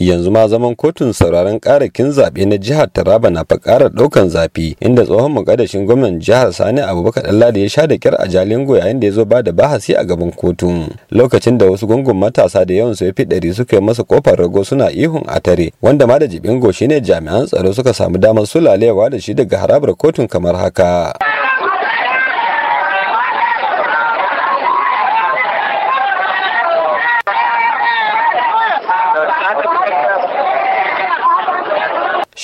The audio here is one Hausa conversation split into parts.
yanzu ma zaman kotun sauraron karakin zaɓe na jihar taraba na fakarar ɗaukan zafi inda tsohon muƙadashin gwamnan jihar sani abubakar ɗanladi ya sha da kyar a jalingo yayin da ya zo ba da bahasi a gaban kotun lokacin da wasu gungun matasa da yawan su ya fi ɗari suka yi masa kofar rago suna ihun a tare wanda ma da jibingo shine jami'an tsaro suka samu damar sulalewa da shi daga harabar kotun kamar haka.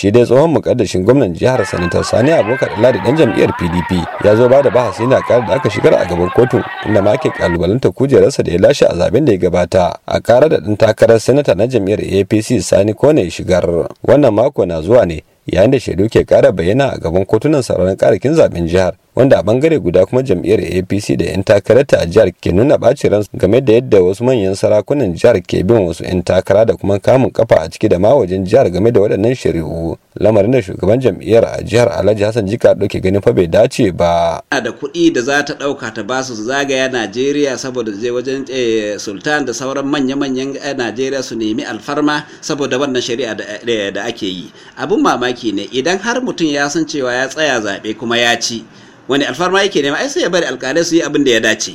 shi dai tsohon mukaddashin gwamnan jihar sanata sani abubakar ladi dan jam'iyyar pdp ya zo ba da bahasi na karar da aka shigar a gaban kotu inda ma kalubalanta kujerarsa da ya lashe a zaben da ya gabata a karar da dan takarar sanata na jam'iyyar apc sani kone shigar wannan mako na zuwa ne yayin da shaidu ke kara bayyana a gaban kotunan sauraron karakin zaben jihar wanda a bangare guda kuma jam'iyyar apc da 'yan takararta a jihar ke nuna ɓacin ransu game da yadda wasu manyan sarakunan jihar ke bin wasu 'yan takara da kuma kamun kafa a ciki da ma wajen jihar game da waɗannan shari'u lamarin da shugaban jam'iyyar a jihar alhaji hassan jika ɗauke ganin fa bai dace ba. da kuɗi da za ta ɗauka ta ba su zagaya najeriya saboda je wajen eh, sultan da sauran manya-manyan eh, najeriya su nemi alfarma saboda wannan shari'a da eh, ake yi abin mamaki ne idan har mutum ya san cewa ya tsaya zaɓe kuma ya ci wani alfarma yake nema ai sai ya bari alƙalai su yi abin da ya dace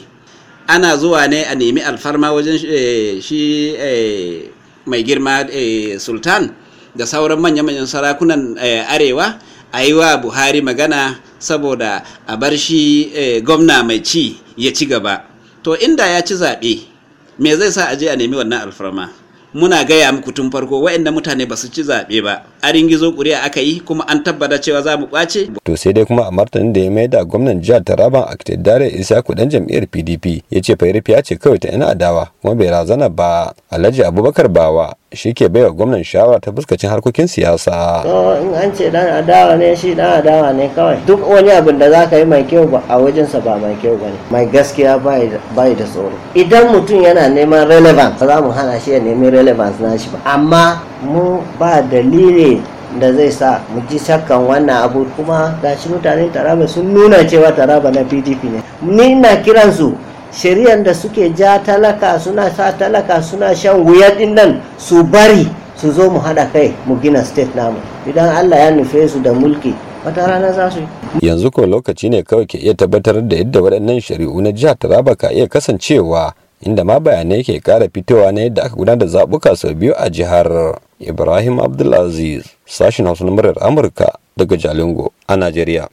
ana zuwa ne a nemi alfarma wajen shi eh, eh, mai girma eh, sultan da sauran manya-manyan sarakunan arewa a yi wa buhari magana saboda a bar shi gwamna mai ci ya ci gaba to inda ya ci zaɓe me zai sa a je a nemi wannan alfarma muna gaya muku tun farko wa'inda mutane ba su ci zaɓe ba a ringizo ƙuri'a aka yi kuma an tabbata cewa za mu ƙwace. to sai dai kuma a martanin da ya mai da gwamnan jihar taraban akitadare isaku dan jam'iyyar pdp ya ce fiya ce kawai ta 'yan adawa kuma bai razana ba alhaji abubakar bawa shi ke baiwa gwamnan shawara ta fuskacin harkokin siyasa. in an ce dan adawa ne shi dan adawa ne kawai duk wani abin da za ka yi mai kyau ba a wajensa ba mai kyau ba ne mai gaskiya bai da tsoro idan mutum yana neman relevance za mu hana shi ya nemi relevance na shi ba amma mu ba dalili da zai sa mu ji shakkan wannan abu kuma gashi mutanen taraba sun nuna cewa taraba na pdp ne ni na kiransu shari'ar da suke ja talaka suna sa talaka suna shan wuya din nan su bari su zo mu haɗa kai mu gina state namu idan allah ya nufe su da mulki wata rana za su yanzu ko lokaci ne kawai ke iya tabbatar da yadda waɗannan shari'u na jihar taraba ka iya kasancewa inda ma bayanai ke kara fitowa ne yadda aka gudanar da zaɓuka sau biyu a jihar ibrahim abdulaziz sashen hausa na muryar amurka daga jalingo a najeriya